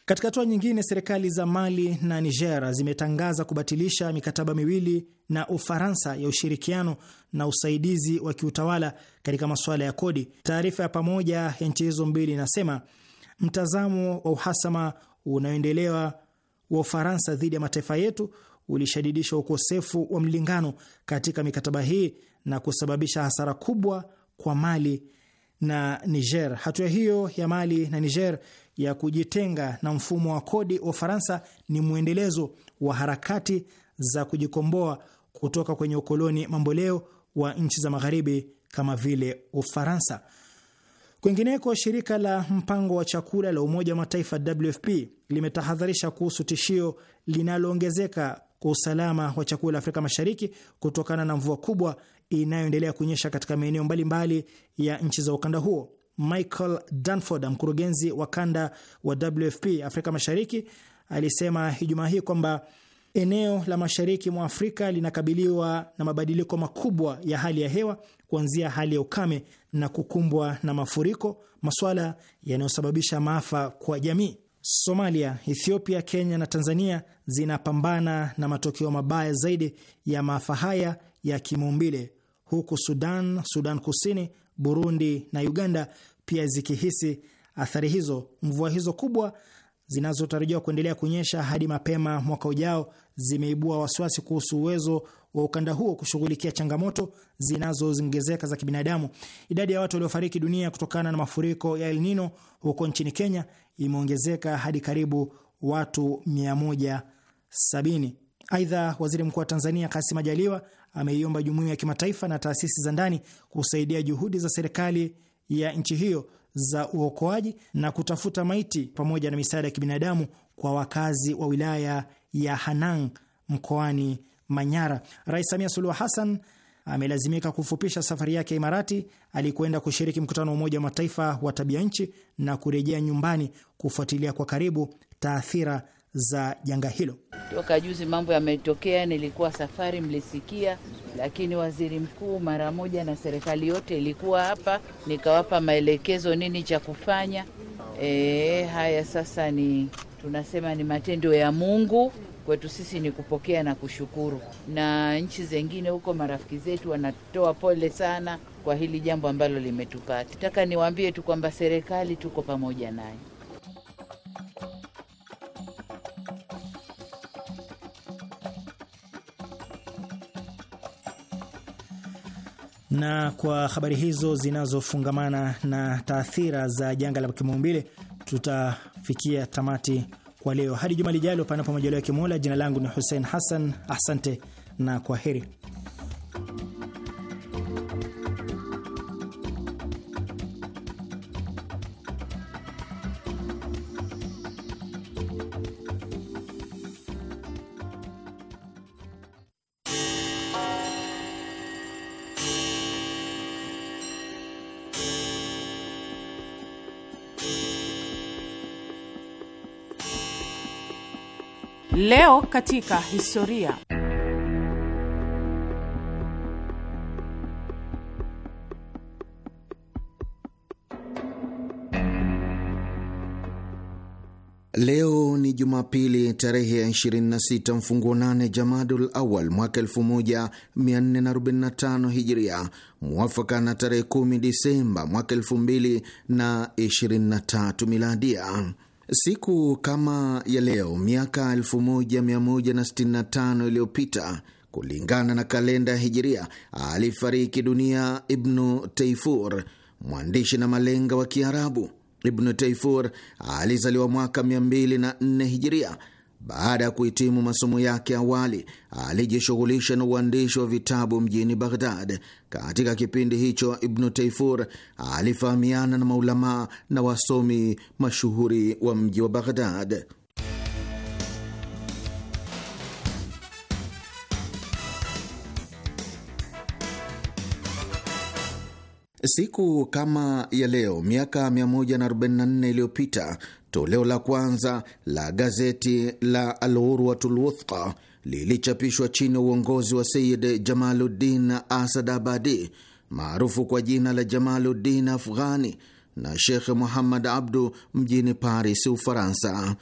Katika hatua nyingine, serikali za Mali na Niger zimetangaza kubatilisha mikataba miwili na Ufaransa ya ushirikiano na usaidizi wa kiutawala katika masuala ya kodi. Taarifa ya pamoja ya nchi hizo mbili inasema mtazamo wa uhasama unaoendelewa wa Ufaransa dhidi ya mataifa yetu ulishadidisha ukosefu wa mlingano katika mikataba hii na kusababisha hasara kubwa kwa Mali na Niger. Hatua hiyo ya Mali na Niger ya kujitenga na mfumo wa kodi wa Ufaransa ni mwendelezo wa harakati za kujikomboa kutoka kwenye ukoloni mamboleo wa nchi za magharibi kama vile Ufaransa. Kwingineko, shirika la mpango wa chakula la Umoja wa Mataifa WFP limetahadharisha kuhusu tishio linaloongezeka kwa usalama wa chakula Afrika Mashariki kutokana na mvua kubwa inayoendelea kunyesha katika maeneo mbalimbali ya nchi za ukanda huo. Michael Danford, mkurugenzi wa kanda wa WFP Afrika Mashariki, alisema Ijumaa hii kwamba eneo la mashariki mwa Afrika linakabiliwa na mabadiliko makubwa ya hali ya hewa, kuanzia hali ya ukame na kukumbwa na mafuriko, masuala yanayosababisha maafa kwa jamii. Somalia, Ethiopia, Kenya na Tanzania zinapambana na matokeo mabaya zaidi ya maafa haya ya kimaumbile, huku Sudan, Sudan Kusini, Burundi na Uganda pia zikihisi athari hizo. Mvua hizo kubwa zinazotarajiwa kuendelea kunyesha hadi mapema mwaka ujao zimeibua wasiwasi kuhusu uwezo wa ukanda huo kushughulikia changamoto zinazoongezeka za kibinadamu. Idadi ya watu waliofariki dunia kutokana na mafuriko ya El Nino huko nchini Kenya imeongezeka hadi karibu watu 170. Aidha, waziri mkuu wa Tanzania Kassim Majaliwa ameiomba jumuiya ya kimataifa na taasisi za ndani kusaidia juhudi za serikali ya nchi hiyo za uokoaji na kutafuta maiti pamoja na misaada ya kibinadamu kwa wakazi wa wilaya ya Hanang mkoani Manyara. Rais Samia Suluhu Hassan amelazimika kufupisha safari yake ya Imarati alikwenda kushiriki mkutano wa Umoja wa Mataifa wa tabia nchi na kurejea nyumbani kufuatilia kwa karibu taathira za janga hilo.
Toka juzi mambo yametokea, nilikuwa safari, mlisikia, lakini waziri mkuu mara moja na serikali yote ilikuwa hapa, nikawapa maelekezo nini cha kufanya. E, haya sasa ni tunasema ni matendo ya Mungu Kwetu sisi ni kupokea na kushukuru, na nchi zengine huko marafiki zetu wanatoa pole sana kwa hili jambo ambalo limetupata. Nataka niwaambie tu kwamba serikali tuko pamoja naye.
Na kwa habari hizo zinazofungamana na taathira za janga la kimaumbile, tutafikia tamati kwa leo. Hadi juma lijalo, panapo majaliwa ya Kimola. Jina langu ni Hussein Hassan, asante na kwa heri.
katika historia.
Leo ni Jumapili tarehe ya 26 mfunguo nane Jamadul Awal mwaka 1445 Hijria, mwafaka na tarehe 10 Disemba mwaka 2023 Miladia. Siku kama ya leo miaka 1165 iliyopita kulingana na kalenda ya Hijiria, alifariki dunia Ibnu Taifur, mwandishi na malenga wa Kiarabu. Ibnu Taifur alizaliwa mwaka 204 Hijiria baada ya kuhitimu masomo yake awali, alijishughulisha na uandishi wa vitabu mjini Baghdad. Katika kipindi hicho, Ibnu Taifur alifahamiana na maulamaa na wasomi mashuhuri wa mji wa Baghdad. Siku kama ya leo miaka 144 iliyopita toleo la kwanza la gazeti la Alurwatulwuthqa lilichapishwa chini ya uongozi wa Sayid Jamaluddin Asad Abadi, maarufu kwa jina la Jamaluddin Afghani, na Shekh Muhammad Abdu mjini Paris, Ufaransa.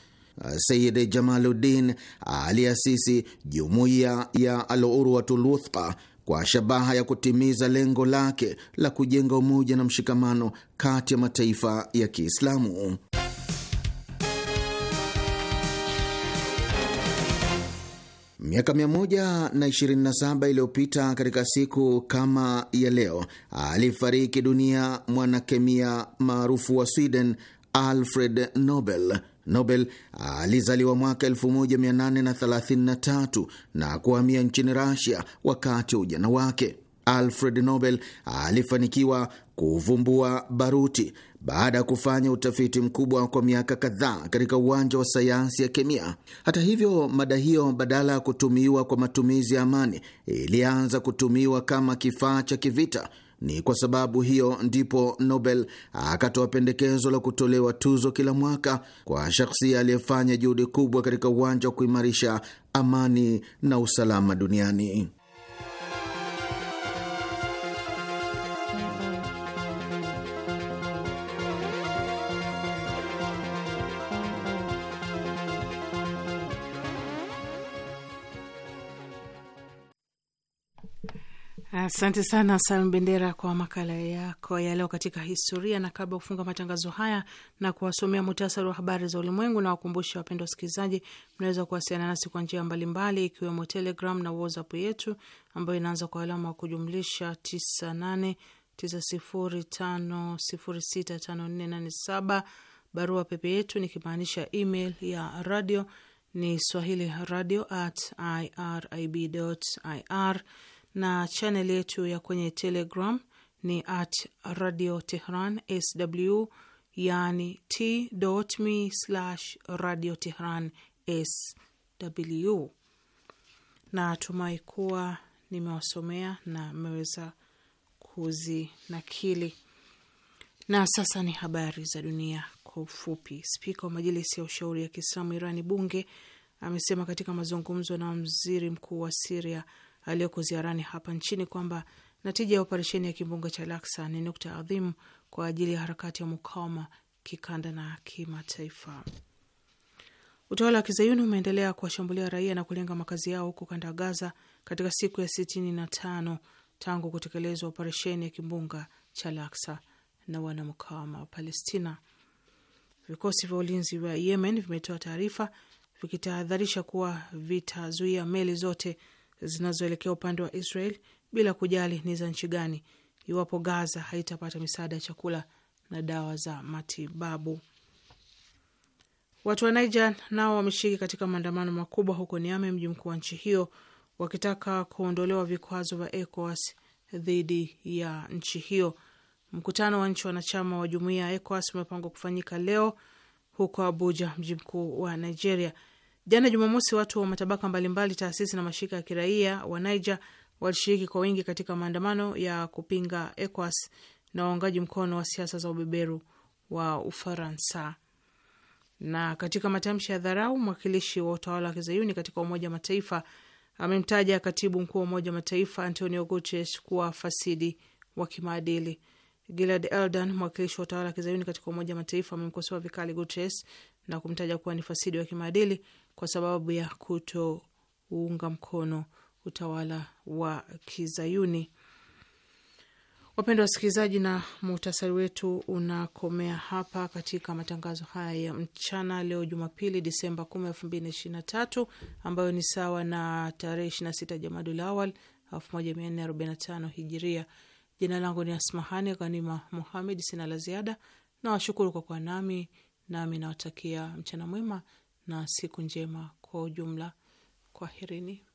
Sayid Jamaluddin aliasisi jumuiya ya Alurwatulwuthqa kwa shabaha ya kutimiza lengo lake la kujenga umoja na mshikamano kati ya mataifa ya Kiislamu. Miaka 127 iliyopita katika siku kama ya leo alifariki dunia mwanakemia maarufu wa Sweden Alfred Nobel. Nobel alizaliwa mwaka 1833 na kuhamia nchini Rasia wakati wa ujana wake. Alfred Nobel alifanikiwa kuvumbua baruti baada ya kufanya utafiti mkubwa kwa miaka kadhaa katika uwanja wa sayansi ya kemia. Hata hivyo, mada hiyo badala ya kutumiwa kwa matumizi ya amani ilianza kutumiwa kama kifaa cha kivita ni kwa sababu hiyo ndipo Nobel akatoa pendekezo la kutolewa tuzo kila mwaka kwa shakhsia aliyefanya juhudi kubwa katika uwanja wa kuimarisha amani na usalama duniani.
Asante sana salim Bendera kwa makala yako ya leo katika historia. Na kabla ya kufunga matangazo haya na kuwasomea muhtasari wa habari za ulimwengu, na wakumbusha wapendwa wasikilizaji, mnaweza kuwasiliana nasi kwa njia mbalimbali, ikiwemo Telegram na WhatsApp yetu ambayo inaanza kwa alama wa kujumlisha 989035065487. Barua pepe yetu nikimaanisha email ya radio ni swahili radio at irib ir na chaneli yetu ya kwenye Telegram ni at radio tehran sw, yani t.me slash radio tehran sw. Natumai kuwa nimewasomea na mmeweza kuzinakili. Na sasa ni habari za dunia kwa ufupi. Spika wa Majilisi ya Ushauri ya Kiislamu Irani, bunge, amesema katika mazungumzo na waziri mkuu wa Siria aliyoko ziarani hapa nchini kwamba natija ya operesheni ya kimbunga cha Laksa ni nukta adhimu kwa ajili ya harakati ya mukawama kikanda na kimataifa. Utawala wa kizayuni umeendelea kuwashambulia raia na kulenga makazi yao huko kanda Gaza katika siku ya sitini na tano tangu kutekelezwa operesheni ya kimbunga cha Laksa na wanamkawama wa Palestina. Vikosi vya ulinzi vya Yemen vimetoa taarifa vikitahadharisha kuwa vitazuia meli zote zinazoelekea upande wa Israel bila kujali ni za nchi gani, iwapo Gaza haitapata misaada ya chakula na dawa za matibabu. Watu wa Niger nao wameshiriki katika maandamano makubwa huko Niamey, mji mkuu wa nchi hiyo, wakitaka kuondolewa vikwazo vya ECOWAS dhidi ya nchi hiyo. Mkutano wa nchi wanachama wa jumuiya ya ECOWAS umepangwa kufanyika leo huko Abuja, mji mkuu wa Nigeria. Jana Jumamosi, watu wa matabaka mbalimbali, taasisi na mashirika ya kiraia wa Niger walishiriki kwa wingi katika maandamano ya kupinga ECOWAS na waungaji mkono wa siasa za ubeberu wa Ufaransa. Na katika matamshi ya dharau, mwakilishi wa utawala wa kizayuni katika Umoja wa Mataifa amemtaja katibu mkuu wa Umoja wa Mataifa Antonio Guterres kuwa fasidi wa kimaadili. Gilad Eldan, mwakilishi wa utawala wa kizayuni katika Umoja wa Mataifa, amemkosoa vikali Guterres na kumtaja kuwa ni fasidi wa kimaadili kwa sababu ya kutounga mkono utawala wa Kizayuni. Wapendwa wasikilizaji, na muhtasari wetu unakomea hapa katika matangazo haya ya mchana leo Jumapili, Disemba kumi ambayo ni sawa na tarehe 26 Jamadul Awal 1445 Hijiria. Jina langu ni Asmahani Ghanima Muhamed. Sina la ziada Nawashukuru kwa kuwa nami nami nawatakia mchana mwema na siku njema kwa ujumla. Kwaherini.